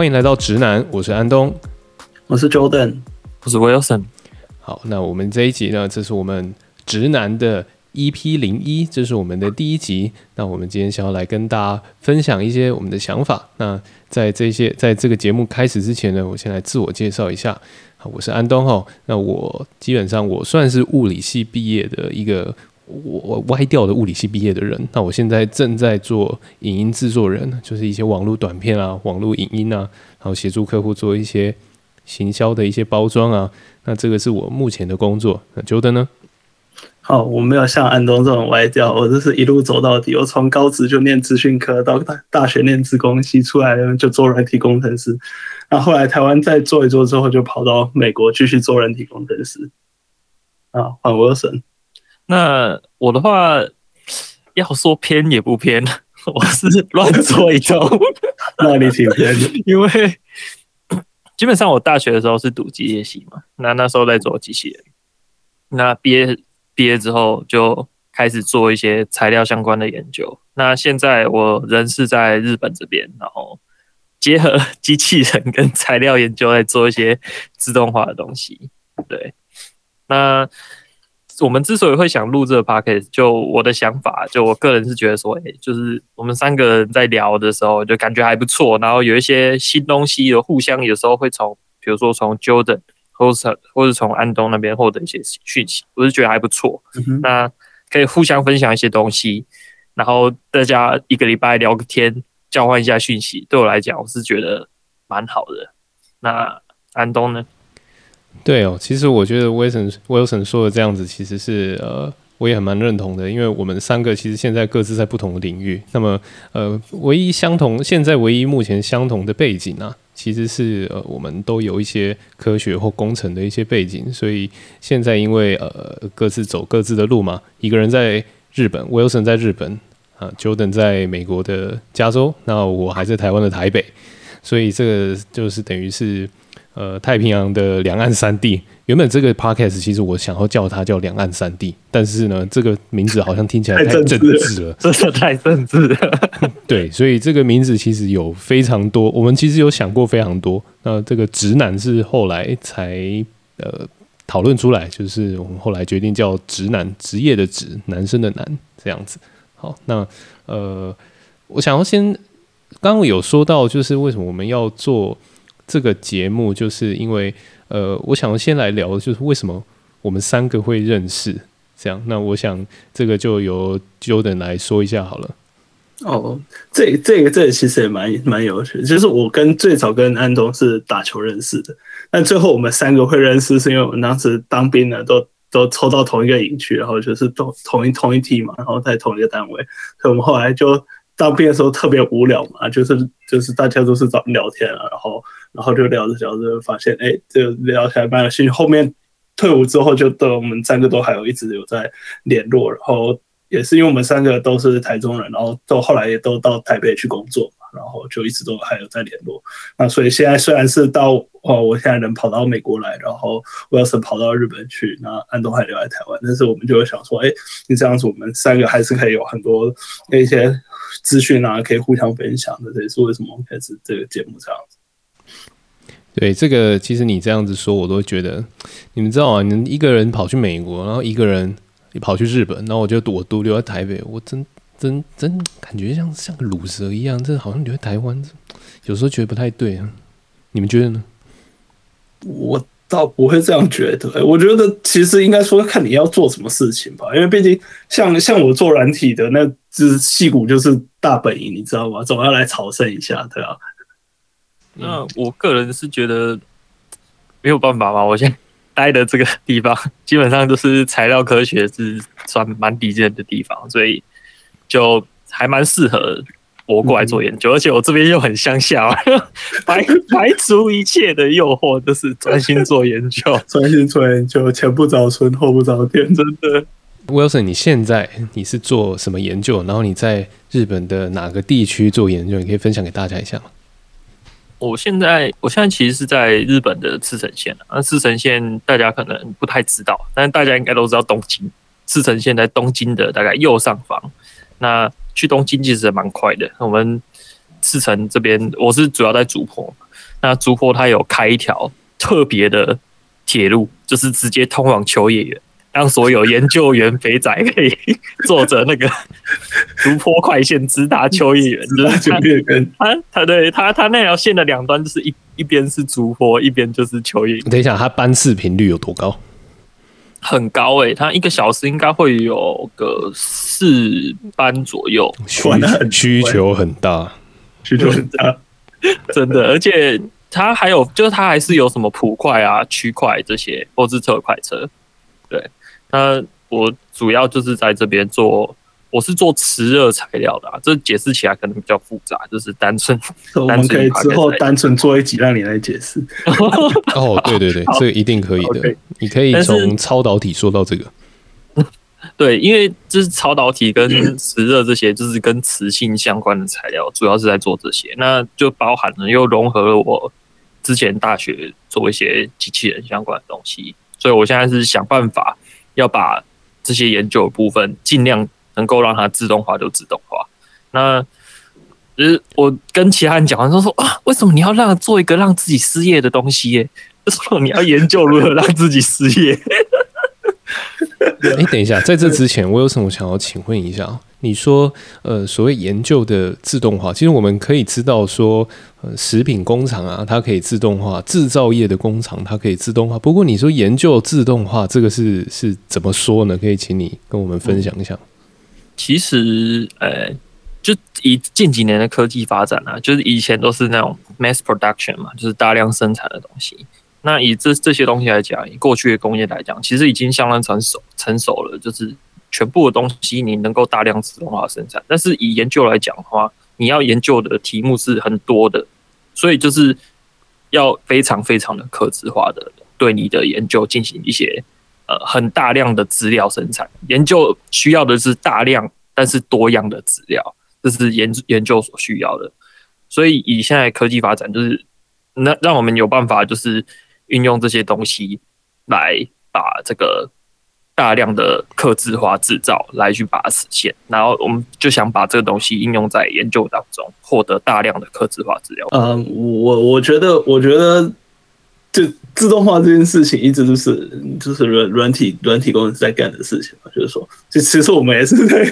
歡迎來到職男，我是安東，我是 Jordan，我是 Wilson。好，那我們這一集呢，這是我們職男的 EP 零一，這是我們的第一集。那我們今天想要來跟大家分享一些我們的想法。那在這些，在這個節目開始之前呢，我先來自我介紹一下。好，我是安東哈、哦，那我基本上我算是物理系畢業的一個。我我歪掉的物理系畢業的人，那我現在正在做影音製作人，就是一些網絡短片啊、網絡影音啊，然後協助客戶做一些行銷的一些包裝啊。那這個是我目前的工作。那 Jordan 呢？好，我沒有像安東這種歪掉，我就是一路走到底。我從高職就念資訊科，到大大學念資工系出來，就做人體工程師。然後後來台灣再做一做之後，就跑到美國繼續做人體工程師。啊，換我神。那我的話要說偏也不偏，我是亂說一通。 那你挺偏的，因為基本上我大學的時候是讀機械系嘛，那那時候在做機器人。那畢業畢業之後就開始做一些材料相關的研究。那現在我人是在日本這邊，然後結合機器人跟材料研究，在做一些自動化的東西。對，那。我們之所以會想錄這個 Podcast，就我的想法，就我個人是覺得說，哎、欸，就是我們三個人在聊的時候，就感覺還不錯。然後有一些新東西有，有互相有時候會從，比如說從 Jordan 或、或者從安東那邊獲得一些訊息，我是覺得還不錯、嗯。那可以互相分享一些東西，然後大家一個禮拜聊個天，交換一下訊息，對我來講，我是覺得蠻好的。那安東呢？對哦，其實我覺得 Wilson, Wilson 說的這樣子，其實是呃，我也很蠻認同的。因為我們三個其實現在各自在不同的領域，那麼呃，唯一相同，現在唯一目前相同的背景呢，啊，其實是呃，我們都有一些科學或工程的一些背景。所以現在因為呃，各自走各自的路嘛，一個人在日本，Wilson 在日本啊，呃，Jordan 在美國的加州，那我還在台灣的台北，所以這個就是等於是。呃，太平洋的兩岸三地，原本這個 podcast 其實我想要叫它叫兩岸三地，但是呢，這個名字好像聽起來太政治了，真 的太政正治直了 。對，所以這個名字其實有非常多，我們其實有想過非常多。那這個職男是後來才呃討論出來，就是我們後來決定叫職男職業的職，男生的男這樣子。好，那呃，我想要先剛剛有說到，就是為什麼我們要做。這個節目，就是因為呃，我想先來聊，就是為什麼我們三個會認識。這樣，那我想這個就由 Jordan 來說一下好了。哦這個、這個這個、其實也蠻蠻有趣的，就是我跟最早跟安東是打球認識的，但最後我們三個會認識，是因為我們當時當兵的都都抽到同一個營區，然後就是同一同一同一梯嘛，然後在同一個單位，所以我們後來就當兵的時候特別無聊嘛，就是就是大家都是找人聊天啊，然後。然後就聊着聊着，發現哎，就聊起來蠻有興趣。後面退伍之後就，就對我們三個都還有一直有在聯絡。然後也是因為我們三個都是台中人，然後到後來也都到台北去工作，然後就一直都還有在聯絡。那所以現在雖然是到哦，我現在能跑到美國來，然後威爾森跑到日本去，那安東還留在台灣，但是我們就會想說，哎，你這樣子，我們三個還是可以有很多那些資訊啊，可以互相分享的。這也是為什麼我們開始這個節目這樣子。對，這個其實你這樣子說，我都會覺得，你們知道啊，你們一個人跑去美國，然後一個人跑去日本，然後我就躲，獨留在台北，我真真真感覺像像個魯蛇一樣，這好像留在台灣，有時候覺得不太對啊。你們覺得呢？我倒不會這樣覺得。欸，我覺得其實應該說看你要做什麼事情吧，因為畢竟像像我做軟體的，那只矽谷就是大本營，你知道嗎？總要來朝聖一下，對吧？啊？那我個人是覺得沒有辦法嘛。我現在待的這個地方基本上都是材料科學，是算蠻頂尖的地方，所以就還蠻適合我過來做研究。嗯、而且我這邊又很鄉下、啊， 排排除一切的誘惑，就是專心做研究，專 心做研究，前不着村後不着店，真的。Wilson，你現在你是做什麼研究？然後你在日本的哪個地區做研究？你可以分享給大家一下嗎？我現在，我現在其實是在日本的茨城縣那、啊、茨城縣大家可能不太知道，但大家應該都知道東京。茨城縣在東京的大概右上方。那去東京其實也蠻快的。我們茨城這邊，我是主要在筑波。那筑波它有開一條特別的鐵路，就是直接通往秋葉原。讓所有研究員肥仔可以坐着那個筑波快線直達秋葉原。秋葉原，他他對他他那條線的兩端就是一一邊是筑波，一邊就是秋葉原。你等一下，他班次頻率有多高？很高誒、欸，他一個小時應該會有個四班左右。需求很大，需求很大，真的。 而且他還有，就是他還是有什麼普快啊、區快這些，或者是特快車，對。那我主要就是在這邊做，我是做磁熱材料的啊。這解釋起來可能比較複雜，就是單純，哦、我們可以之後單純做一集讓你來解釋。 哦，對對對，這個、一定可以的。你可以從超導體說到這個，對，因為這是超導體跟磁熱這些，就是跟磁性相關的材料，主要是在做這些。那就包含了又融合了我之前大學做一些機器人相關的東西，所以我現在是想辦法。要把這些研究的部分盡量能夠讓它自動化就自動化。那、就是、我跟其他人講，之後說說啊，為什麼你要讓做一個讓自己失業的東西、欸？他說你要研究如何讓自己失業。誒、 欸，等一下，在這之前，我有什麼想要請問一下？你說呃，所謂研究的自動化，其實我們可以知道說。食品工廠啊，它可以自動化；製造業的工廠，它可以自動化。不過，你說研究自動化這個是是怎麼說呢？可以請你跟我們分享一下。嗯、其實，呃、欸，就以近幾年的科技發展啊，就是以前都是那種 mass production 嘛，就是大量生產的東西。那以這這些東西來講，以過去的工業來講，其實已經相當成熟成熟了，就是全部的東西你能夠大量自動化生產。但是以研究來講的話，你要研究的題目是很多的，所以就是要非常非常的客製化的，對你的研究進行一些呃很大量的資料生產。研究需要的是大量但是多樣的資料，這是研研究所需要的。所以以現在科技發展，就是那讓我們有辦法，就是運用這些東西來把這個。大量的客製化製造來去把它實現，然後我們就想把這個東西應用在研究當中，獲得大量的客製化資料。嗯，我我覺得，我覺得，就自動化這件事情，一直都是就是軟軟體軟體公司在幹的事情嘛。就是說，其實我們也是在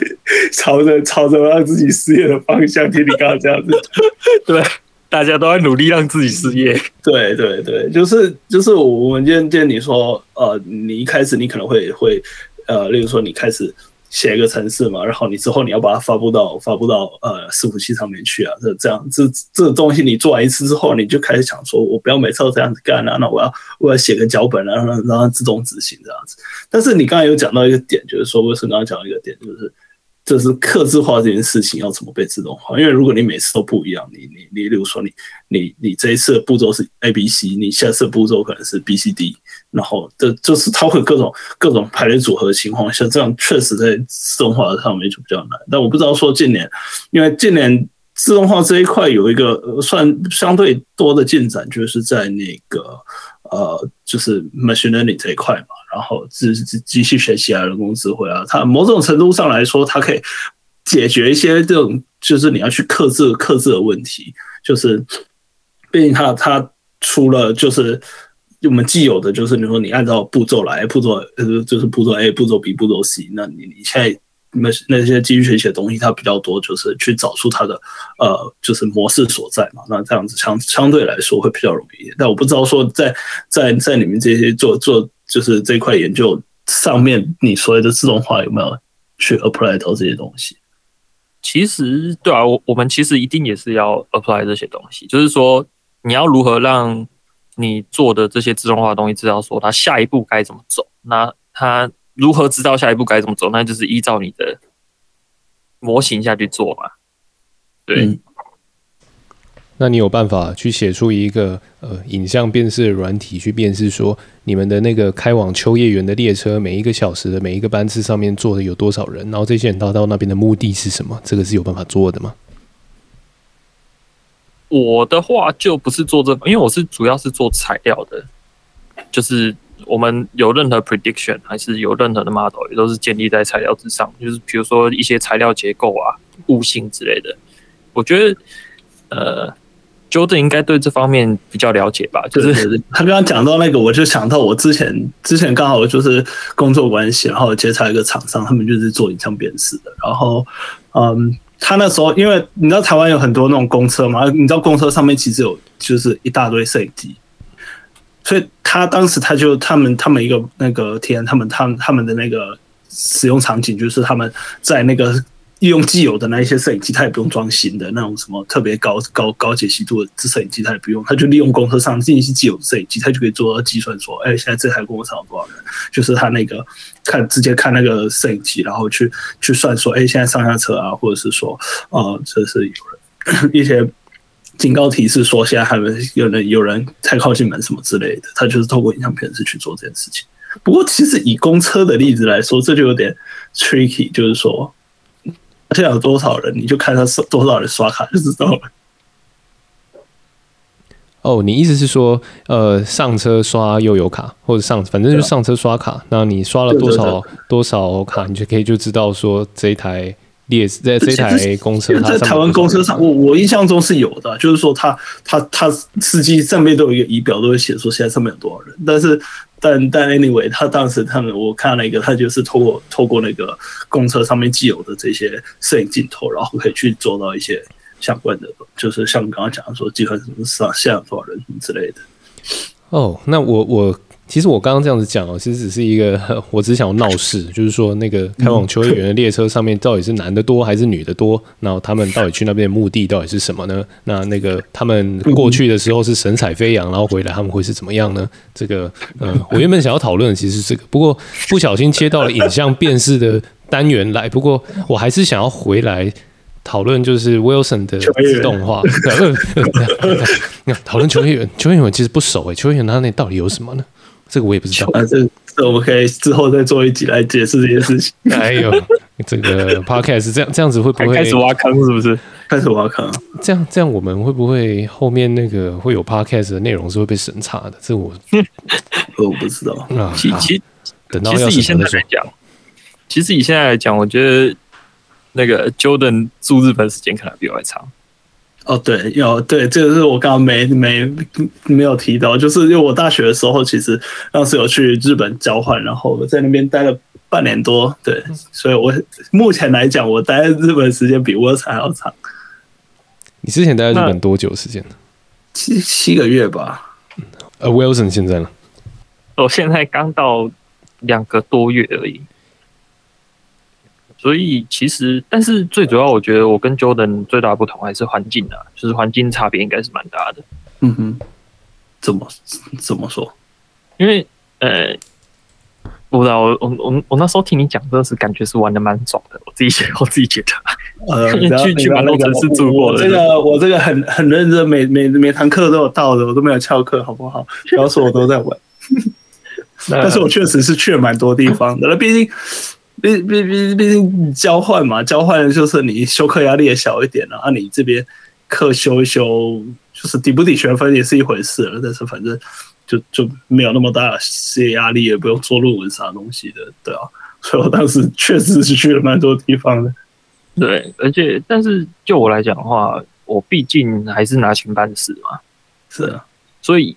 朝着朝着讓自己失業的方向，跟你剛剛這樣子， 對。大家都在努力讓自己失業。對對對，就是就是我們今天見你說，呃，你一開始你可能會會呃，例如說你開始寫一個程式嘛，然後你之後你要把它發布到發布到呃伺服器上面去啊，這這樣這這個東西你做完一次之後，你就開始想說我不要每次都這樣子幹了啊，那我要我要寫個腳本啊，然後讓它自動執行這樣子。但是你剛才有講到一個點，就是說或是剛剛講一個點，就是。這、就是客製化這件事情要怎麼被自動化？因為如果你每次都不一樣，你你你，比如說你你你這一次的步驟是 A B C，你下次的步驟可能是 B C D，然後這就，就是 talk 各種各種排列組合的情況下，這樣確實在自動化上面就比較難。但我不知道說近年，因為近年自動化這一塊有一個、呃、算相對多的進展，就是在那個呃，就是 machine learning 這一塊嘛。然後自自機器學習啊，人工智慧啊，它某種程度上來說，它可以解決一些這種就是你要去克制克制的問題。就是畢竟它它除了就是我們既有的，就是你說你按照步驟來，步驟呃就是步驟 A 步驟 B 步驟 C，那你你現在那那些機器學習的東西，它比較多，就是去找出它的呃就是模式所在嘛。那這樣子相相對來說會比較容易。但我不知道說在在在你們這些做做。就是這塊研究上面你所謂的自動化有沒有去 apply 到這些東西？其實對啊，我我們其實一定也是要 apply 這些東西。就是說，你要如何讓你做的這些自動化的東西知道說它下一步該怎麼走？那它如何知道下一步該怎麼走？那就是依照你的模型下去做嘛，對。嗯那你有辦法去寫出一個呃影像辨識軟體去辨識說你們的那個開往秋葉原的列車每一個小時的每一個班次上面坐的有多少人，然後這些人到到那邊的目的是什麼？這個是有辦法做的嗎？我的話就不是做這個，因為我是主要是做材料的，就是我們有任何 prediction 還是有任何的 model 也都是建立在材料之上，就是比如說一些材料結構啊、物性之類的，我覺得呃。Jordan 應該對這方面比較了解吧？就是對對對，他剛剛講到那個，我就想到我之前，之前剛好就是工作關係，然後接觸一個廠商，他們就是做影像辨識的。然後，嗯，他那時候因為你知道台灣有很多那種公車嘛，你知道公車上面其實有就是一大堆攝影機，所以他當時，他就他們他們一個那個天，他們他們他們的那個使用場景就是他們在那個。利用既有的那一些攝影機，他也不用裝新的那種什麼特別高高高解析度的攝影機，他也不用，他就利用公車上進行既有攝影機，他就可以做計算說，哎、欸，現在這台公車上多少人？就是他那個看直接看那個攝影機，然後去去算說，哎、欸，現在上下車啊，或者是說，呃，這是有人一些警告提示說，現在還沒有人有人太靠近門什麼之類的，他就是透過影像辨識去做這件事情。不過，其實以公車的例子來說，這就有點 tricky，就是說。他有多少人，你就看他多少人刷卡就知道了。哦、oh,，你意思是說，呃，上車刷悠遊卡，或者上反正就是上車刷卡、啊，那你刷了多少對對對多少卡，你就可以就知道說這一台。也是在這台公車上，上，在台灣公車上，我我印象中是有的。啊，就是說他他他司機上面都有一個儀表，都會寫說現在上面有多少人。但是但但 anyway，他當時他們我看了一，那個，他就是通過透過那個公車上面既有的這些攝影鏡頭，然後可以去做到一些相關的，就是像剛剛講的說計算什麼上現在有多少人之類的。哦，那我我。其實我剛剛這樣子講哦，其實只是一個我只想鬧事，就是說那個開往秋葉原的列車上面到底是男的多還是女的多？然後他們到底去那邊的目的到底是什麼呢？那那個他們過去的時候是神采飛揚，然後回來他們會是怎麼樣呢？這個嗯、呃，我原本想要討論的其實是這個，不過不小心切到了影像辨識的單元來。不過我還是想要回來討論，就是 Wilson 的自動化。你看 討論秋葉原，秋葉原其實不熟誒、欸。秋葉原它那到底有什麼呢？這個我也不知道，啊，這這我們可以之後再做一集來解釋這件事情。 哎呦，這個 podcast 這樣這樣子會不會開始挖坑？是不是開始挖坑、啊？這樣這樣我們會不會後面那個會有 podcast 的內容是會被審查的？這我我不知道啊。其實其實，其實以現在來講，其實以現在來講，我覺得那個 Jordan 住日本時間可能比我還長。哦，對，有對，這個是我剛剛沒沒沒有提到，就是因為我大學的時候其實當時有去日本交換，然後我在那邊待了半年多，對，所以我目前來講，我待在日本時間比 Wilson 還要長。你之前待在日本多久時間？七七個月吧。呃，Wilson 現在呢？我現在剛到兩個多月而已。所以其實，但是最主要，我覺得我跟 Jordan 最大的不同還是環境啊，就是環境差別應該是蠻大的。嗯哼，怎麼怎麼說？因為呃，我不知道我我我，我那時候聽你講，的是感覺是玩的蠻爽的。我自己我自己覺得，呃， 去去蠻多城市住過的。這個我這個很很認真，每每每堂課都有到的，我都沒有翹課，好不好？要說我都在玩， 但是我確實是去蠻多地方的那畢、呃、竟。畢畢畢畢竟交換嘛，交換就是你修課壓力也小一點了啊。啊，你這邊課修一修，就是抵不抵學分也是一回事了。但是反正就就沒有那麼大的壓力，也不用做論文啥東西的，對啊。所以我當時確實是去了蠻多地方的。對，而且但是就我來講的話，我畢竟還是拿錢辦事嘛，是啊。呃，所以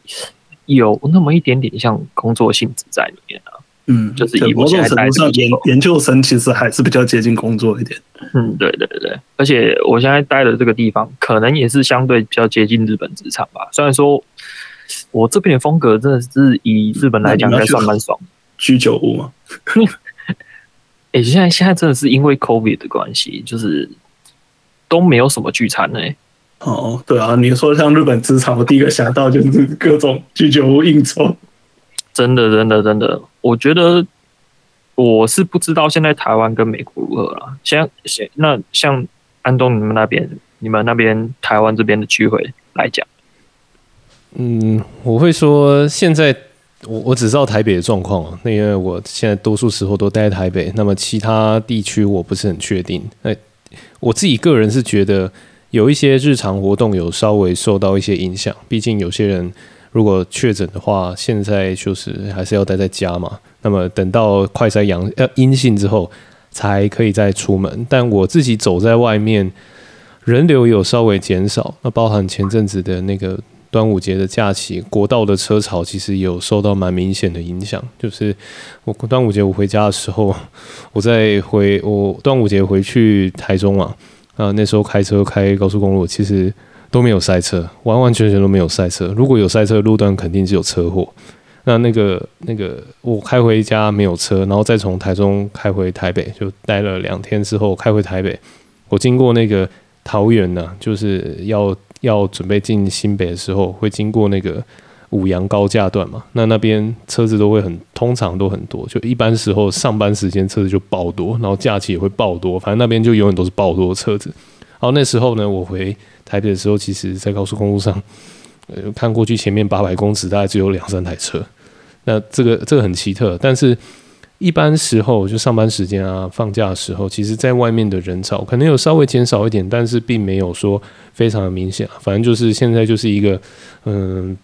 有那麼一點點像工作性質在裡面啊。嗯，就是以我這、嗯、種程度上研研究生，其實還是比較接近工作一點。嗯，對對對，而且我現在待的這個地方，可能也是相對比較接近日本職場吧。雖然說我這邊的風格，真的是以日本來講，應該算蠻爽居酒屋嘛。誒、 欸，現在現在真的是因為 COVID 的關係，就是都沒有什麼聚餐哎、欸。哦，對啊，你說像日本職場，我第一個想到就是各種居酒屋應酬。真的，真的，真的，我覺得我是不知道現在台灣跟美國如何了。像像那像安東你們那邊，你們那邊台灣這邊的聚會來講，嗯，我會說現在我我只知道台北的狀況，那因為我現在多數時候都待在台北，那麼其他地區我不是很確定。那我自己個人是覺得有一些日常活動有稍微受到一些影響，畢竟有些人。如果確診的話，現在就是還是要待在家嘛。那麼等到快篩陽呃陰性之後，才可以再出門。但我自己走在外面，人流有稍微減少。那包含前陣子的那個端午節的假期，國道的車潮其實有受到蠻明顯的影響。就是我過端午節我回家的時候，我在回我端午節回去台中啊，啊那時候開車開高速公路其實。都沒有塞車，完完全全都沒有塞車。如果有塞車路段，肯定是有車禍。那那個那個，我開回家沒有車，然後再從台中開回台北，就待了兩天之後開回台北。我經過那個桃園呢，就是要要準備進新北的時候，會經過那個五楊高架段嘛。那那邊車子都會很，通常都很多。就一般時候上班時間車子就爆多，然後假期也會爆多，反正那邊就永遠都是爆多的車子。然後那時候呢，我回。台北的時候，其實在高速公路上，呃、看過去前面八百公尺大概只有兩三台車，那這個這個很奇特。但是一般時候，就上班時間啊，放假的時候，其實在外面的人潮可能有稍微減少一點，但是並沒有說非常的明顯、啊。反正就是現在就是一個嗯、呃，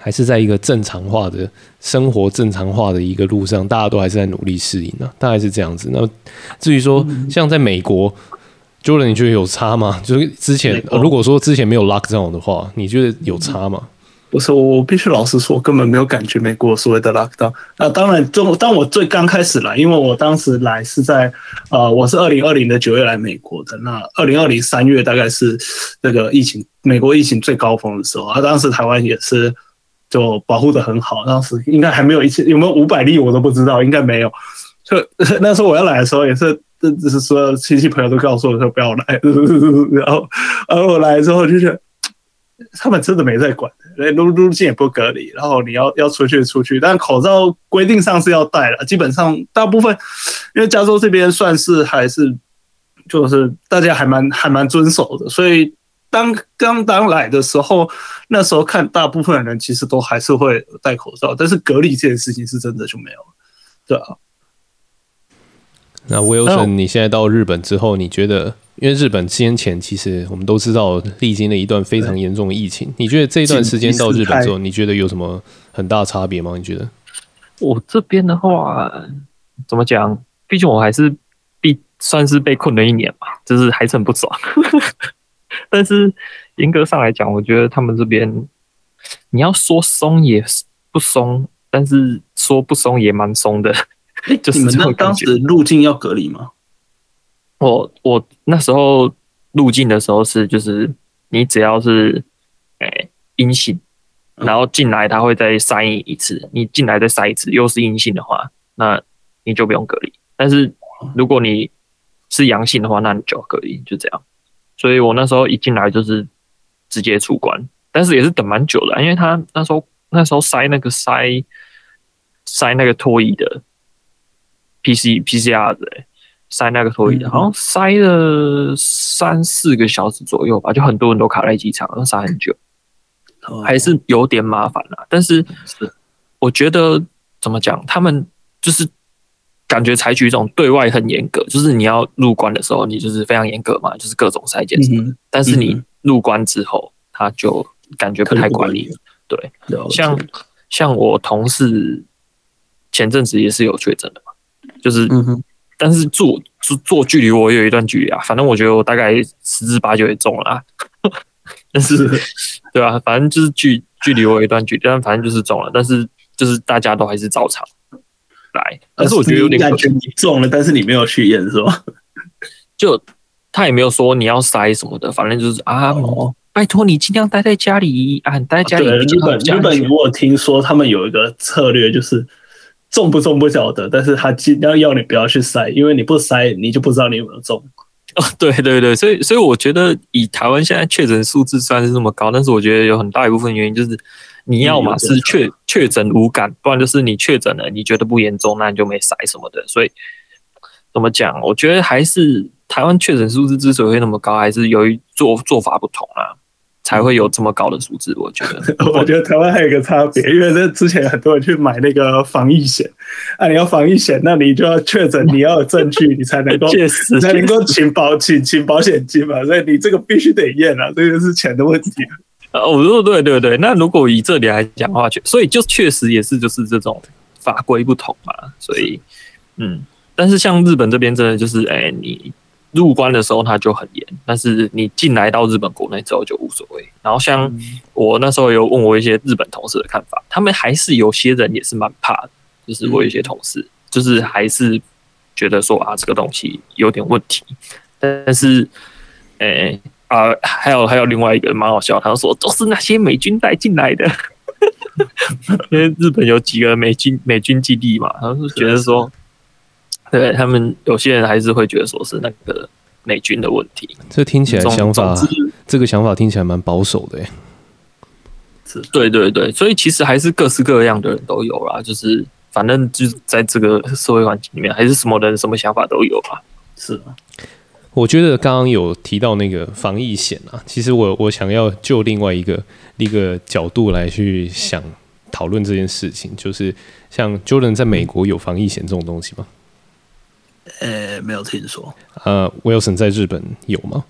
還是在一個正常化的生活、正常化的一個路上，大家都還是在努力適應呢、啊，大概是這樣子。那至於說、嗯、像在美國。就你覺得有差嗎？就是之前，如果說之前沒有 lockdown 這種的話，你覺得有差嗎？不是，我必須老實說，根本沒有感覺美國所謂的 lockdown。當啊，當然，當我最剛開始來，因為我當時來是在啊、呃，我是二零二零的九月來美國的。那二零二零三月大概是那個疫情，美國疫情最高峰的時候啊，當時台灣也是就保護的很好，當時應該還沒有一次有沒有五百例，我都不知道，應該沒有。就那時候我要來的時候也是。這是所有親戚朋友都告訴我說不要來，然後，然後我來之後就是，他們真的沒在管、欸，入入境也不隔離，然後你要要出去出去，但口罩規定上是要戴的，基本上大部分，因為加州這邊算是還是，就是大家還蠻還蠻遵守的，所以當剛剛來的時候，那時候看大部分人其實都還是會戴口罩，但是隔離這件事情是真的就沒有了，對啊那 Wilson，你現在到日本之後，你覺得？因為日本先前其實我們都知道，歷經了一段非常嚴重的疫情。你覺得這一段時間到日本之後，你覺得有什麼很大差別嗎？你覺得？啊，我這邊的話，怎麼講？畢竟我還是被算是被困了一年嘛，就是還是很不爽。 但是嚴格上來講，我覺得他們這邊，你要說鬆也不鬆，但是說不鬆也蠻鬆的。哎，你們那當時入境要隔離嗎？就是、我我那時候入境的時候是，就是你只要是哎、欸、陰性，然後進來他會再篩一次，你進來再篩一次，又是陰性的話，那你就不用隔離。但是如果你是陽性的話，那你就要隔離，就這樣。所以我那時候一進來就是直接出關，但是也是等蠻久的，因為他那時候那時候篩那個篩篩那個唾液的。P C P C R 的，欸、塞那個托椅的，嗯，好像塞了三四個小時左右吧，就很多人都卡在機場，然後塞很久，嗯，還是有點麻煩了、啊。但是我覺得怎麼講，他們就是感覺採取一種對外很嚴格，就是你要入關的時候，你就是非常嚴格嘛，就是各種塞檢什麼，嗯。但是你入關之後，他就感覺不太管理可可對，像像我同事前陣子也是有確診的。就是，嗯、哼，但是做做做距離我也有一段距離啊，反正我覺得我大概十之八九也中了啊。但是，是 對啊，反正就是距距離我有一段距離，但反正就是中了。但是，就是大家都還是照常來。是，但是我覺得有點感覺你中了，但是你沒有去驗，是吧？就他也沒有說你要塞什麼的，反正就是啊，哦、拜託你盡量待在家裡啊，待在家裡。基本日本，日本有我聽說他們有一個策略就是。中不中不曉得，但是他儘量要你不要去篩，因為你不篩，你就不知道你有沒有中。哦，對對對，所以所以我覺得以台灣現在確診數字雖然是這麼高，但是我覺得有很大一部分原因就是你要嘛是確、嗯、確，確診無感，不然就是你確診了你覺得不嚴重，那你就沒篩什麼的。所以怎麼講？我覺得還是台灣確診數字之所以會那麼高，還是由於做做法不同啊。才會有這麼高的數字，我覺得。 我覺得台灣還有一個差別，因為這之前很多人去買那個防疫險，那你要防疫險，那你就要確診，你要有證據，你才能夠， 才能夠請保請請保險金嘛。所以你這個必須得驗啊，這個是錢的問題，啊的問題、 哦。啊，我說對對對，那如果以這裡來講的話，確所以就確實也是就是這種法規不同嘛，所以嗯，但是像日本這邊真的就是哎、欸、你。入關的時候他就很嚴，但是你進來到日本國內之後就無所謂。然後像我那時候有問我一些日本同事的看法，他們還是有些人也是蠻怕的，就是我有些同事、嗯、就是還是覺得說啊這個東西有點問題，但是誒、欸、啊還有還有另外一個蠻好笑，他就說都是那些美軍帶進來的， 因為日本有幾個美軍美軍基地嘛，他就覺得說。對，他們有些人還是會覺得說是那個美軍的問題。這聽起來想法，這個想法聽起來蠻保守的耶。是，對對對，所以其實還是各式各樣的人都有啦、啊，就是反正就在這個社會環境裡面，還是什麼人什麼想法都有啊，是。，我覺得剛剛有提到那個防疫險啊，其實我我想要就另外一個一個角度來去想討論這件事情，就是像 Jordan 在美國有防疫險這種東西嗎？嗯呃，沒有聽說。呃、uh,，Wilson 在日本有嗎？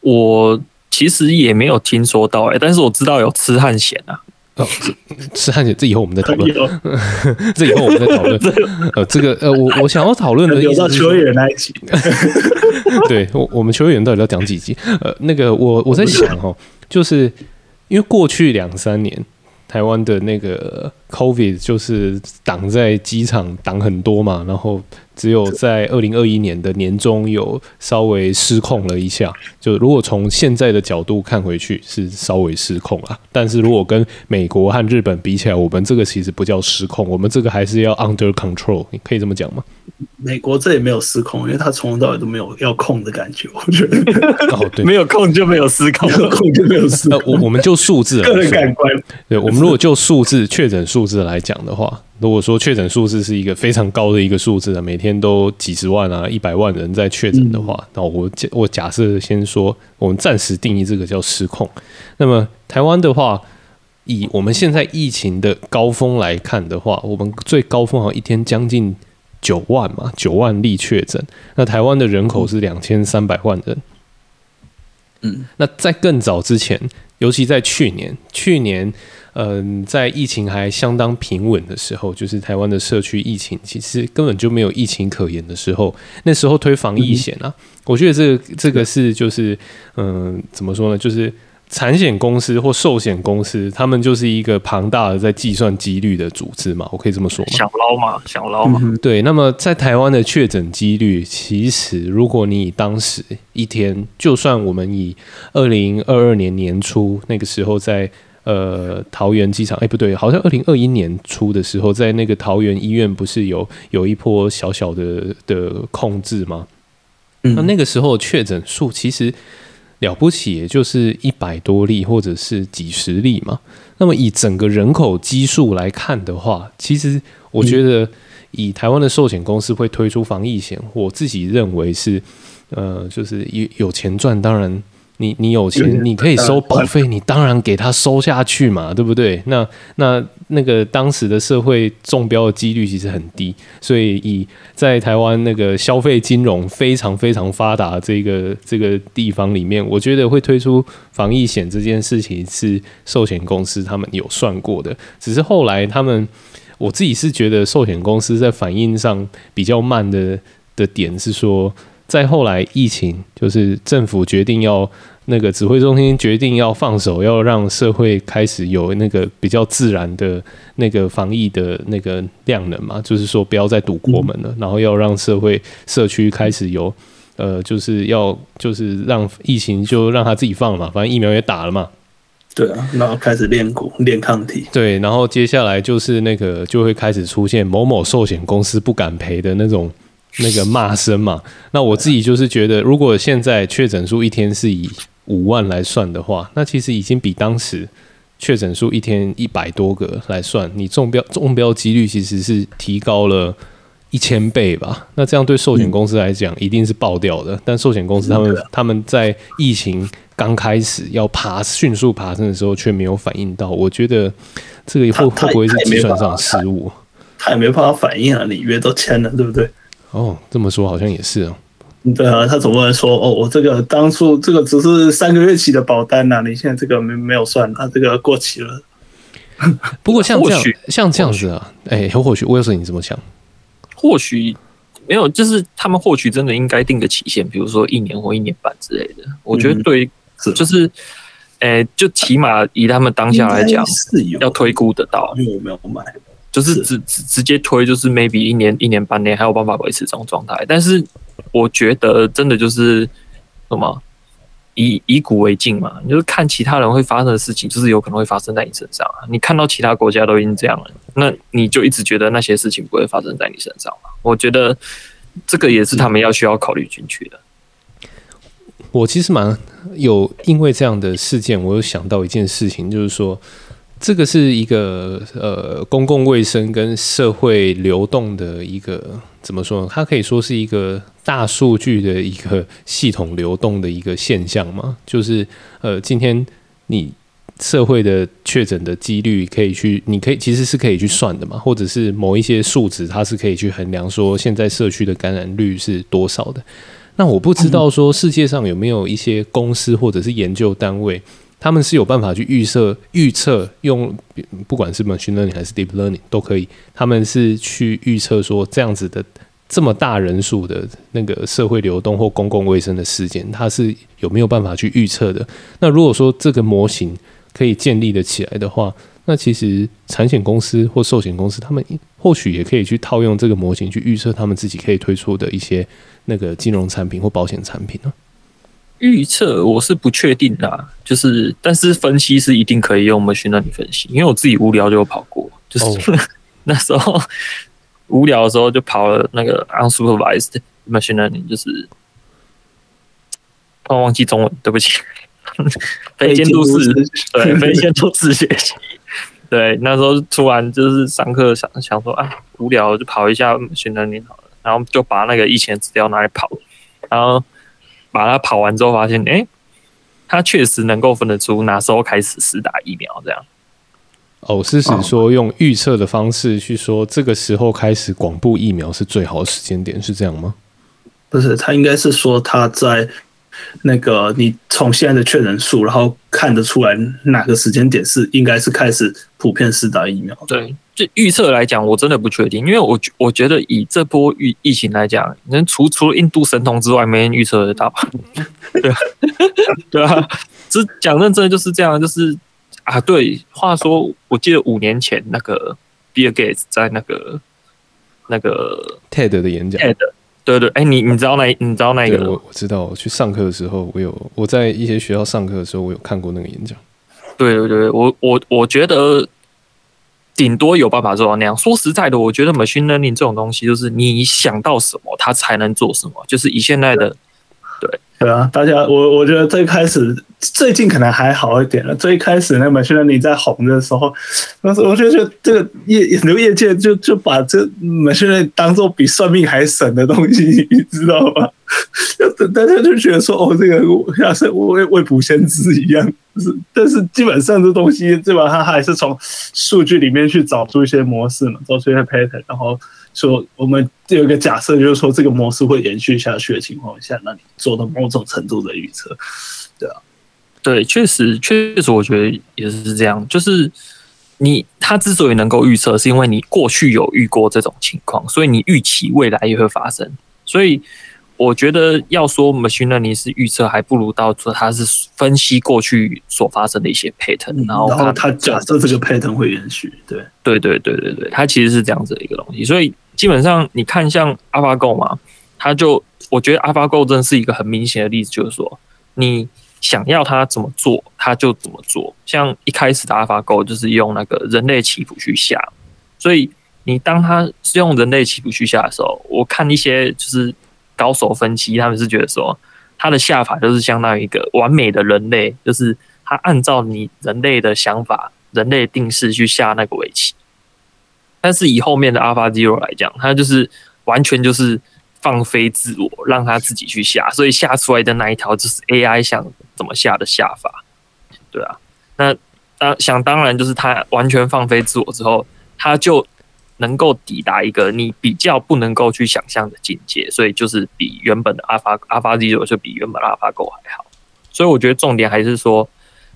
我其實也沒有聽說到誒、欸，但是我知道有吃漢險啊、oh,，吃漢險，這以後我們再討論。 這以後我們再討論。 呃，這個呃，我我想要討論的是，聊到球員那一集。 對，我我們球員到底要講幾集？呃，那個我我在想哈、哦，就是因為過去兩三年台灣的那個。COVID 就是擋在機場擋很多嘛，然後只有在二零二一年的年中有稍微失控了一下。就如果從現在的角度看回去，是稍微失控了。但是如果跟美國和日本比起來，我們這個其實不叫失控，我們這個還是要 under control，你可以這麼講嗎？美國這也沒有失控，因為他從頭到尾都沒有要控的感覺。我覺得、 哦，沒有控就沒有失控， 沒有控就沒有失控。 那我我們就數字了對，我們如果就數字確診數。數字來講的話，如果說確診數字是一個非常高的一個數字啊，每天都幾十萬啊、一百萬人在確診的話，嗯、那我我假設先說，我們暫時定義這個叫失控。那麼台灣的話，以我們現在疫情的高峰來看的話，我們最高峰好一天將近九萬嘛，九萬例確診。那台灣的人口是兩千三百萬人。嗯，那在更早之前，尤其在去年，去年。嗯，在疫情還相當平穩的時候，就是台灣的社區疫情其實根本就沒有疫情可言的時候，那時候推防疫險啊、嗯，我覺得這這個是就是嗯，怎麼說呢？就是產險公司或壽險公司，他們就是一個龐大的在計算機率的組織嘛，我可以這麼說嗎？想撈嘛，想撈嘛、嗯，對。那麼在台灣的確診機率，其實如果你以當時一天，就算我們以二零二二年年初那個時候在。呃，桃園機場，哎、欸，不對，好像二零二一年初的時候，在那個桃園醫院，不是有有一波小小的的控制嗎、嗯？那那個時候確診數其實了不起，也就是一百多例或者是幾十例嘛。那麼以整個人口基數來看的話，其實我覺得以台灣的壽險公司會推出防疫險，我自己認為是，呃，就是有有錢賺，當然。你你有錢，你可以收保費，你當然給他收下去嘛，對不對？那那那個當時的社會中標的幾率其實很低，所以，以在台灣那個消費金融非常非常發達這個這個地方裡面，我覺得會推出防疫險這件事情是壽險公司他們有算過的。只是後來他們，我自己是覺得壽險公司在反應上比較慢的的點是說，在後來疫情就是政府決定要。那個指揮中心決定要放手，要讓社會開始有那個比較自然的那個防疫的那個量能嘛，就是說不要再堵國門了，然後要讓社會社區開始有，呃，就是要就是讓疫情就讓它自己放嘛，反正疫苗也打了嘛。對啊，然後開始練功練抗體。對，然後接下來就是那個就會開始出現某某壽險公司不敢賠的那種那個罵聲嘛。那我自己就是覺得，如果現在確診數一天是以五萬來算的話，那其實已經比當時確診數一天一百多個來算，你中標中標幾率其實是提高了一千倍吧？那這樣對壽險公司來講一定是爆掉的。嗯、但壽險公司他們他們在疫情剛開始要爬迅速爬升的時候，卻沒有反應到。我覺得這個會，也會不會是計算上失誤？他也沒辦法反應啊！你約都簽了，對不對？哦，這麼說好像也是哦、啊。對啊，他總不能說哦？我這個當初這個只是三個月期的保單吶、啊，你現在這個沒沒有算，他、啊、這個過期了。不過像這樣，像這樣子啊，哎，或許為什麼你這麼想？或許沒有，就是他們或許真的應該定個期限，比如說一年或一年半之類的。我覺得對，就是，哎、嗯欸，就起碼以他們當下來講是有，要推估得到，因為我沒有買，就是直直直接推，就是 maybe 一年一年半內還有辦法維持這種狀態，但是。我覺得真的就是什麼以以古為鏡嘛，你就是看其他人會發生的事情，就是有可能會發生在你身上啊。你看到其他國家都已經這樣了，那你就一直覺得那些事情不會發生在你身上嘛？我覺得這個也是他們要需要考慮進去的。嗯。我其實蠻有因為這樣的事件，我有想到一件事情，就是說這個是一個呃公共衛生跟社會流動的一個。怎麼說呢？它可以說是一個大數據的一個系統流動的一個現象嘛？就是呃，今天你社會的確診的幾率可以去，你可以其實是可以去算的嘛，或者是某一些數值，它是可以去衡量說現在社區的感染率是多少的。那我不知道說世界上有沒有一些公司或者是研究單位。他們是有辦法去預測，預測用不管是 machine learning 還是 deep learning 都可以。他們是去預測說這樣子的這麼大人數的那個社會流動或公共衛生的事件，它是有沒有辦法去預測的？那如果說這個模型可以建立得起來的話，那其實產險公司或壽險公司，他們或許也可以去套用這個模型去預測他們自己可以推出的一些那個金融產品或保險產品呢？預測我是不確定的，啊，就是，但是分析是一定可以用 Machine Learning 分析，因為我自己無聊就有跑過，就是，oh. 呵呵，那時候無聊的時候就跑了那個 unsupervised Machine Learning 就是忘，哦，忘記中文，對不起，非監督式，對非監督式學習，對，對，對，對，那時候突然就是上課想想說啊無聊就跑一下 Machine Learning 好了，然後就把那個以前資料拿來跑，然後。把它跑完之後，發現誒，它、欸、確實能夠分得出哪時候開始施打疫苗這樣。哦，是指說、哦、用預測的方式去說，這個時候開始廣布疫苗是最好的時間點，是這樣嗎？不是，他應該是說他在。那個，你從現在的確診數，然後看得出來哪個時間點是應該是開始普遍施打疫苗？對，就預測來講，我真的不確定，因為我我覺得以這波疫疫情來講，能除除了印度神童之外，沒人預測得到吧 對啊， 對啊， 只講認真的就是這樣，就是啊，對。話說，我記得五年前那個 Bill Gates 在那個那個 TED 的演講。TED，對對，哎，你你知道那你知道那個？我我知道，我去上課的時候，我有我在一些學校上課的時候，我有看過那個演講。對對對，我我我覺得頂多有辦法做到那樣。說實在的，我覺得 machine learning 這種東西，就是你想到什麼，它才能做什麼。就是以現在的。對啊，大家我我覺得最開始最近可能還好一點了，最開始 machine learning 在紅的時候，但是我覺得這個業留業，業界就就把這 machine learning 當做比算命還神的東西，你知道嗎？就大家就覺得說哦，這個像是未未卜先知一樣是，但是基本上這東西基本上它它還是從數據裡面去找出一些模式嘛，找出一些 pattern，然後。說我們有一個假設，就是說這個模式會延續下去的情況下，那你做到某種程度的預測，對啊，對，確實，確實，我覺得也是這樣。就是你他之所以能夠預測，是因為你過去有遇過這種情況，所以你預期未來也會發生。所以我覺得要說 machine learning 是預測，還不如到說他是分析過去所發生的一些 pattern，然後他然後他假設這個 pattern 會延續，對，對，對，對，對，對，他其實是這樣子的一個東西，所以。基本上，你看像 AlphaGo 嘛，他就，我覺得 AlphaGo 真是一個很明顯的例子，就是說你想要它怎麼做，它就怎麼做。像一開始的 AlphaGo 就是用那個人類棋譜去下，所以你當它是用人類棋譜去下的時候，我看一些就是高手分析，他們是覺得說它的下法就是相當於一個完美的人類，就是他按照你人類的想法、人類的定式去下那個圍棋。但是以後面的 Alpha Zero 來講，它就是完全就是放飛自我，讓它自己去下，所以下出來的那一條就是 AI 想怎麼下的下法，對啊。那當、啊、想當然就是它完全放飛自我之後，它就能夠抵達一個你比較不能夠去想象的境界，所以就是比原本的 Alpha Alpha Zero 就比原本的 Alpha Go 還好。所以我覺得重點還是說，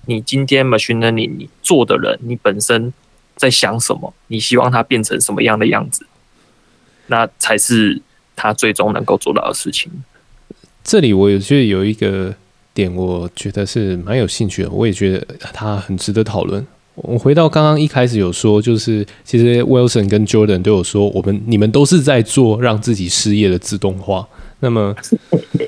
你今天 Machine Learning，你做的人，你本身。在想什麼？你希望他變成什麼樣的樣子？那才是他最終能夠做到的事情。這裡我也覺得有一個點，我覺得是蠻有興趣的。我也覺得他很值得討論。我回到剛剛一開始有說，就是其實 Wilson 跟 Jordan 都有說，我們你們都是在做讓自己失業的自動化。那麼。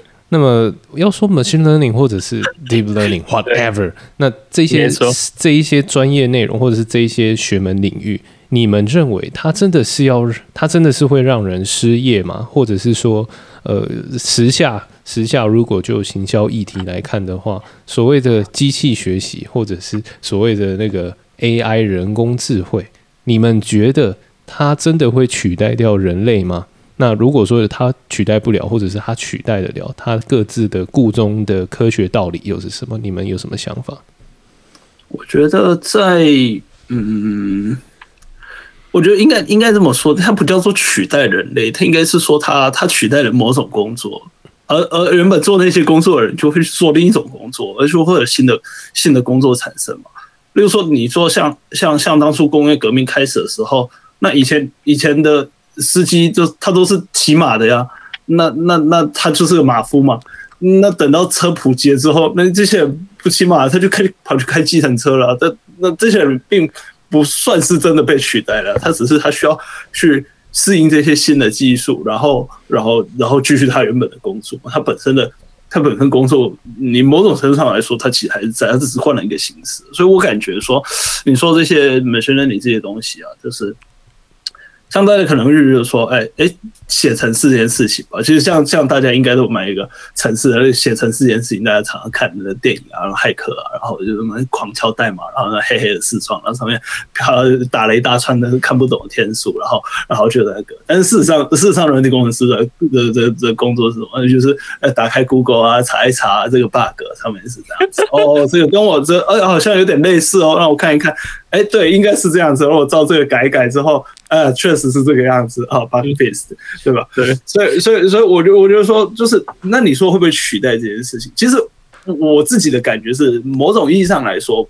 那麼要說 machine learning 或者是 deep learning whatever，那這些這一些專業內容或者是這一些學門領域，你們認為它真的是要，它真的是會讓人失業嗎？或者是說，呃，時下時下如果就行銷議題來看的話，所謂的機器學習或者是所謂的那個 AI 人工智慧，你們覺得它真的會取代掉人類嗎？那如果說它取代不了，或者是它取代得了，它各自的故中的科學道理又是什麼？你們有什麼想法？我覺得在嗯，我覺得應該應該這麼說，它不叫做取代人類，它應該是說它它取代了某種工作，而而原本做那些工作的人就會去做另一種工作，而且會有新的新的工作產生嘛。例如說，你說像像像當初工業革命開始的時候，那以前以前的。司機就他都是騎馬的呀，那那那他就是個馬夫嘛。那等到車普及了之後，那這些人不騎馬，他就可以跑去開計程車了啊。那那這些人並不算是真的被取代了，他只是他需要去適應這些新的技術，然後然後然後繼續他原本的工作。他本身的他本身工作，你某種程度上來說，他其實還是在，他只是換了一個形式。所以我感覺說，你說這些 machine learning 這些東西啊，就是。像大家可能日日說，哎、欸、哎，寫程式這件事情吧，其實像像大家應該都買一個程式，寫程式這件事情，大家常常看那個電影啊，然後駭客，啊，然後就這麼狂敲代碼，然後那黑黑的視窗，然後上面啪打了一大串都是看不懂的天數，然後然後就那個，但是事實上事實上，軟體工程師的的的的工作是什麼？就是呃，打開 Google 啊，查一查這個 bug，上面是這樣子。哦，這個跟我這呃、哎、好像有點類似哦，讓我看一看。哎、欸，對，應該是這樣子。然後照這個改一改之後，呃，確實是這個樣子。好、哦、fix， 對吧？對，所以，所以，所以，我就，我就說，就是，那你說會不會取代這件事情？其實我自己的感覺是，某種意義上來說，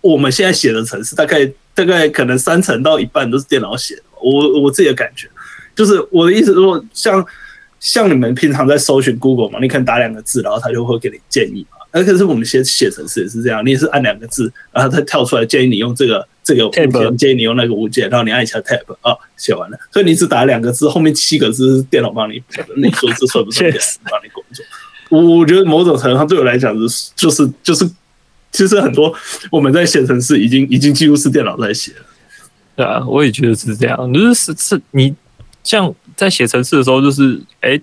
我們現在寫的程式，大概大概可能三成到一半都是電腦寫的。我我自己的感覺，就是我的意思是，如果像像你們平常在搜尋 Google 嘛，你可能打兩個字，然後他就會給你建議嘛。而、啊、可是我們寫寫程式也是這樣，你也是按兩個字，然後再跳出來建議你用這個這個文件，tape. 建議你用那個物件，然後你按一下 tab 啊、哦，寫完了。所以你只打兩個字，後面七個字電腦幫你， 你說這算不算？確實幫你工作。我、yes. 我覺得某種程度上對我來講是就是、就是、就是，其實很多我們在寫程式已經已經幾乎是電腦在寫了。對啊，我也覺得是這樣。就是是,是你像在寫程式的時候，就是哎。欸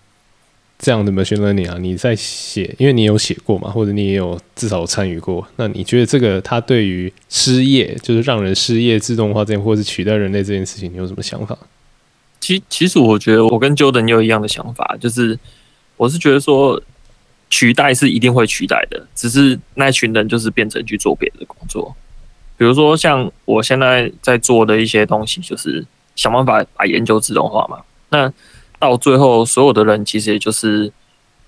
這樣的 machine learning 啊？你在寫，因為你有寫過嘛，或者你也有至少參與過。那你覺得這個它對於失業，就是讓人失業、自動化這件，或者是取代人類這件事情，你有什麼想法？其其實，我覺得我跟 Jordan 有一樣的想法，就是我是覺得說，取代是一定會取代的，只是那群人就是變成去做別的工作。比如說，像我現在在做的一些東西，就是想辦法把研究自動化嘛。那到最後，所有的人其實也就是，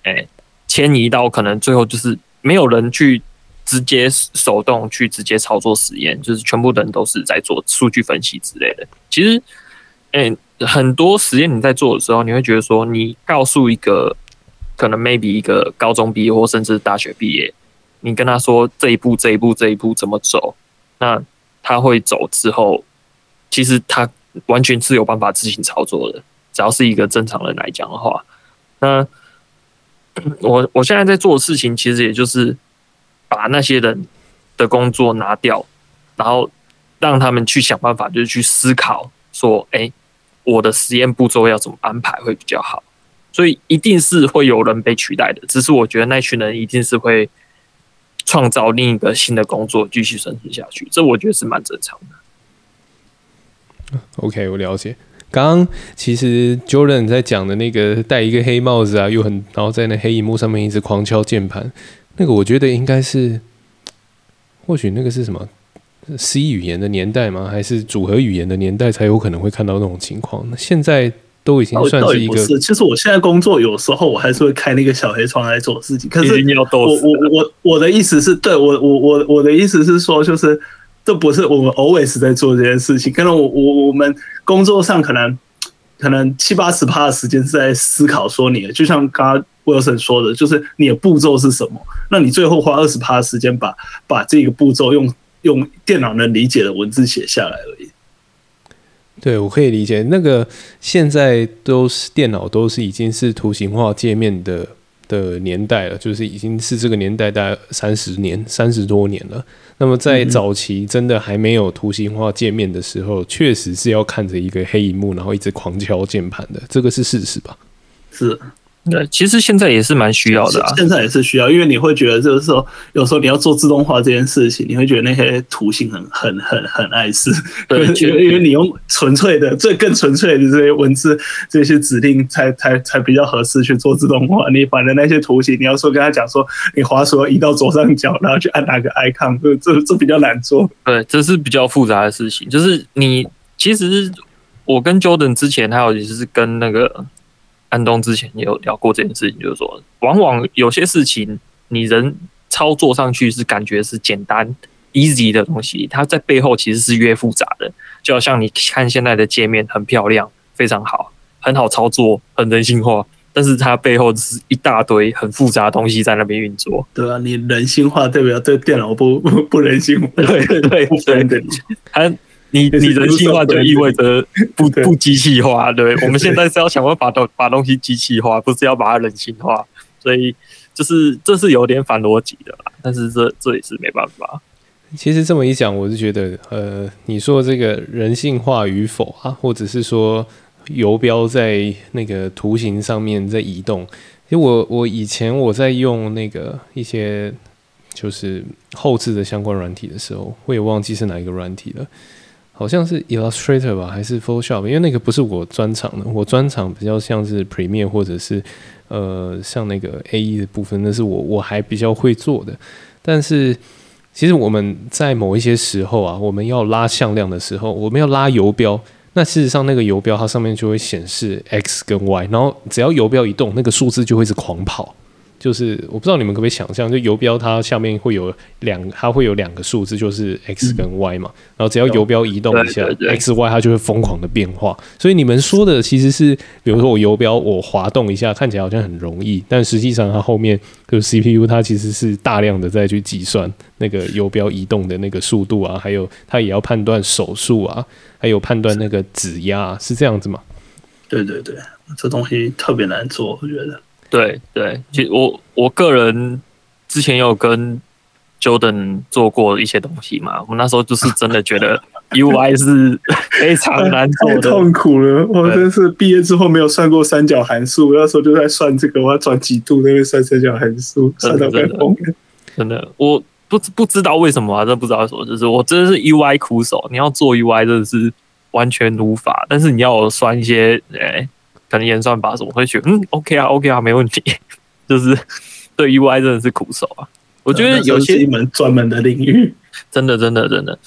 哎、欸，遷移到可能最後就是沒有人去直接手動去直接操作實驗，就是全部人都是在做數據分析之類的。其實，哎、欸，很多實驗你在做的時候，你會覺得說，你告訴一個可能 maybe 一個高中畢業或甚至大學畢業，你跟他說這一步這一步這一步怎麼走，那他會走之後，其實他完全是有辦法自行操作的。只要是一個正常人來講的話，那我我現在在做的事情，其實也就是把那些人的工作拿掉，然後讓他們去想辦法，就是去思考說，哎、欸，我的實驗步驟要怎麼安排會比較好。所以一定是會有人被取代的，只是我覺得那群人一定是會創造另一個新的工作繼續生存下去，這我覺得是蠻正常的。OK，我了解。剛，剛其實 Jordan 在講的那個戴，一個黑帽子啊，又很然後在那黑螢幕上面一直狂敲鍵盤，那個我覺得應該是，或許那個是什麼 C 語言的年代嗎？還是組合語言的年代才有可能會看到那種情況？那現在都已經算是一個。其實、就是、我現在工作有時候我還是會開那個小黑窗來做事情，可是我我我我的意思是對我我我我的意思是說就是。這不是我們 always 在做這件事情。可能我我我們工作上可能可能七八十趴的時間是在思考說你，就像剛剛 Wilson 說的，就是你的步驟是什麼？那你最後花二十趴的時間把把這個步驟用用電腦能理解的文字寫下來而已。對，我可以理解。那個現在都是電腦都是已經是圖形化界面的的年代了，就是已經是這個年代大概三十年三十多年了。那麼在早期真的還沒有圖形化界面的時候，嗯、確實是要看着一個黑螢幕，然後一直狂敲鍵盤的，這個是事實吧？是。對，其實現在也是蠻需要的啊。現在也是需要，因為你會覺得就是說，有時候你要做自動化這件事情，你會覺得那些圖形很、很、很、很礙事對，因為。對，因為你用純粹的、最更純粹的這些文字、這些指令才、才、才比較合適去做自動化。你反正那些圖形，你要說跟他講說，你滑鼠移到左上角，然後去按哪個 icon，這、這、這比較難做。對，這是比較複雜的事情。就是你，其實我跟 Jordan 之前，還有就是跟那個。安東之前也有聊過這件事情，就是說，往往有些事情你人操作上去是感覺是簡單 easy 的東西，它在背後其實是越複雜的。就好像你看現在的界面很漂亮，非常好，很好操作，很人性化，但是它背後是一大堆很複雜的東西在那邊運作。對啊，你人性化，代表這電腦不不人性化。對對，對，安。對對對。你你人性化就意味着不不機器化，對？對對，我們現在是要想辦法把把東西機器化，不是要把它人性化，所以就是這是有點反邏輯的啦，但是這這也是沒辦法。其實這麼一講，我是覺得，呃，你說這個人性化與否啊，或者是說游標在那個圖形上面在移動，因為我我以前我在用那個一些就是後置的相關軟體的時候，我也忘記是哪一個軟體了。好像是 Illustrator 吧，還是 Photoshop？因為那個不是我專長的，我專長比較像是 Premiere 或者是呃，像那個 AE 的部分，那是我我還比較會做的。但是其實我們在某一些時候啊，我們要拉向量的時候，我們要拉游標，那事實上那個游標它上面就會顯示 X 跟 Y，然後只要游標一動，那個數字就會一直狂跑。就是我不知道你們可不可以想象，就游標它下面會有兩，它會有兩個數字，就是 X 跟 Y 嘛、嗯。然後只要游標移動一下，X Y 它就會瘋狂的變化。所以你們說的其實是，比如說我游標我滑動一下，嗯、看起來好像很容易，但實際上它後面就是 CPU 它其實是大量的在去計算那個游標移動的那個速度啊，還有它也要判斷手速啊，還有判斷那個指壓，啊，是這樣子嗎？對對對，這東西特別難做，我覺得。對對，其實我我個人之前有跟 Jordan 做過一些東西嘛，我們那時候就是真的覺得 UI 是非常難做的，太痛苦了。我真是畢業之後沒有算過三角函數，那時候就在算這個，我要轉幾度那邊算三角函數，真的真的真的，我不不知道為什麼啊，真不知道為什麼，就是我真的是 UI 苦手，你要做 UI 真的是完全無法，但是你要我算一些哎。可能演算吧，怎麼會選？嗯，OK 啊，OK 啊，沒問題。就是對 UI 真的是苦手啊，我覺得有些、嗯、一門專門的領域，真的，真的，真的。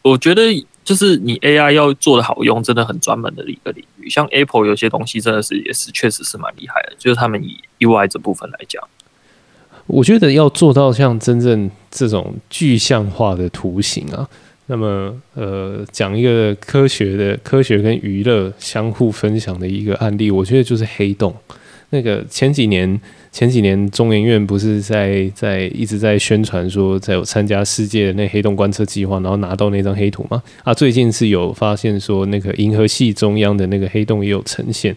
我覺得就是你 AI 要做的好用，真的很專門的一個領域。像 Apple 有些東西真的是也是，確實是蠻厲害的。就是他們以 UI 這部分來講，我覺得要做到像真正這種具象化的圖形啊。那麼，呃，講一個科學的科學跟娛樂相互分享的一個案例，我覺得就是黑洞。那個前幾年，前幾年中研院不是在在一直在宣傳說，在有參加世界的那黑洞觀測計劃，然後拿到那張黑圖嗎？啊，最近是有發現說，那個銀河系中央的那個黑洞也有呈現。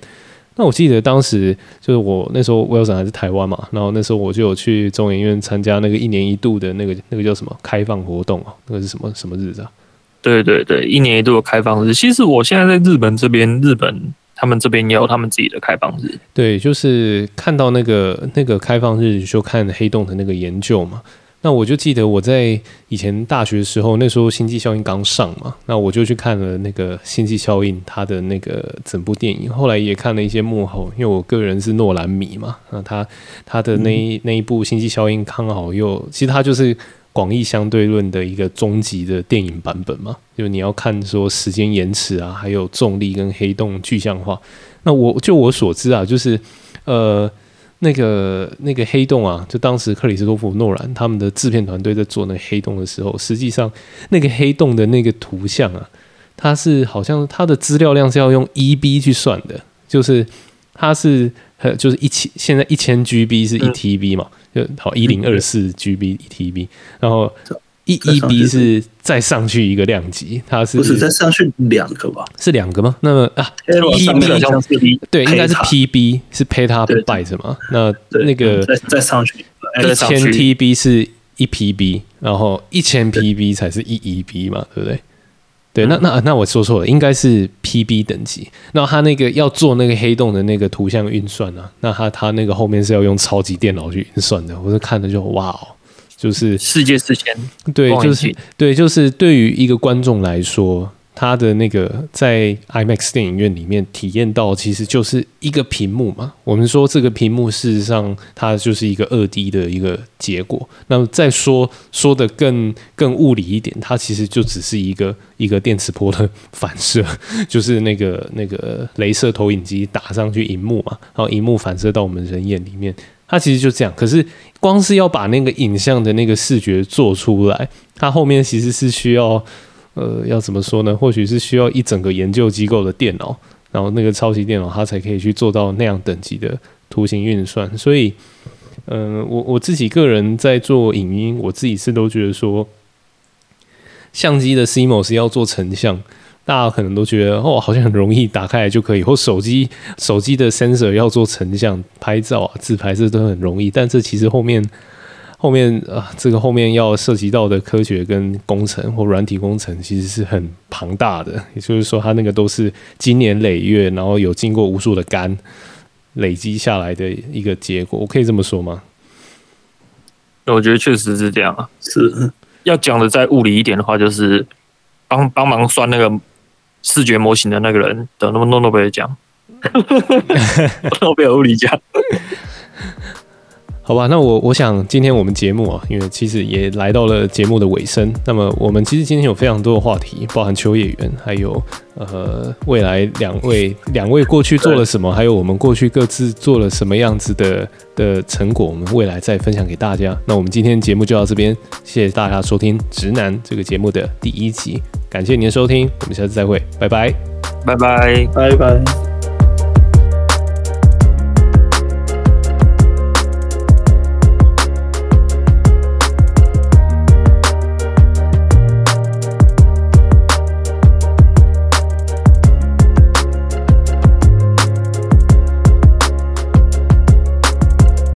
那我記得當時就是我那時候，我有在還是台灣嘛，然後那時候我就有去中研院參加那個一年一度的那個那個叫什麼開放活動啊，那個是什麼什麼日子啊？對對對，一年一度的開放日。其實我現在在日本這邊，日本他們這邊也有他們自己的開放日。對，就是看到那個那個開放日，就看黑洞的那個研究嘛。那我就記得我在以前大學的時候，那時候《星際效應》剛上嘛，那我就去看了那個《星際效應》它的那個整部電影，後來也看了一些幕後，因為我個人是諾蘭迷嘛，那它它的那一那一部《星際效應》剛好又其實它就是廣義相對論的一個終極的電影版本嘛，就你要看說時間延遲啊，還有重力跟黑洞具象化。那我就我所知啊，就是呃。那個那個黑洞啊，就當時克里斯托弗諾蘭他們的制片團隊在做那個黑洞的時候，實際上那個黑洞的那個圖像啊，它是好像它的資料量是要用 EB 去算的，就是它是就是一千現在一千 GB 是一 TB 嘛，就好一零二四 GB 一 TB，然後。一 EB 是再上去一個量級，是它是不是再上去兩個吧？是兩個嗎？那麼啊，TB 對，Peta，應該是 PB，是 Petabyte 什麼？Byte 嘛？那那個1，對對對 1PB，再上去，一千 TB 是一 PB，然後一千 PB 才是一 EB 嘛，對？對不對？對，嗯、那那那我說錯了，應該是 PB 等級。那他那個要做那個黑洞的那個圖像運算啊，那他它，它那個後面是要用超級電腦去運算的。我是看着就哇、哦。就是世界四千，對，就是對，就是對於一個觀眾來說，他的那個在 IMAX 電影院裡面體驗到，其實就是一個屏幕嘛。我們說這個屏幕，事實上它就是一個二 D 的一個結果。那麼再說說得更更物理一點，它其實就只是一個一個電磁波的反射，就是那個那個雷射投影機打上去熒幕嘛，然後熒幕反射到我們人眼裡面。它其實就這樣，可是光是要把那個影像的那個視覺做出來，它後面其實是需要，呃，要怎麼說呢？或許是需要一整個研究機構的電腦，然後那個超級電腦它才可以去做到那樣等級的圖形運算。所以，嗯、呃，我我自己個人在做影音，我自己是都覺得說，相機的 CMOS 要做成像。大家可能都覺得哦，好像很容易打開來就可以。或手機手機的 sensor 要做成像，拍照啊、自拍這都很容易，但這其實後面後面啊，這個後面要涉及到的科學跟工程或軟體工程其實是很龐大的。也就是說，它那個都是經年累月，然後有經過無數的肝累積下來的一個結果。我可以這麼說嗎？我覺得確實是這樣啊。是要講的再物理一點的話，就是幫幫忙算那個。視覺模型的那個人得那麼諾貝爾獎，諾貝爾物理獎。 好吧，那我我想今天我們節目啊，因為其實也來到了節目的尾聲。那麼我們其實今天有非常多的話題，包含秋葉原，還有呃未來兩位兩位過去做了什麼，還有我們過去各自做了什麼樣子的的成果，我們未來再分享給大家。那我們今天節目就到這邊，謝謝大家收聽《職男》這個節目的第一集，感謝您的收聽，我們下次再會，拜拜，拜拜，拜拜。Bye bye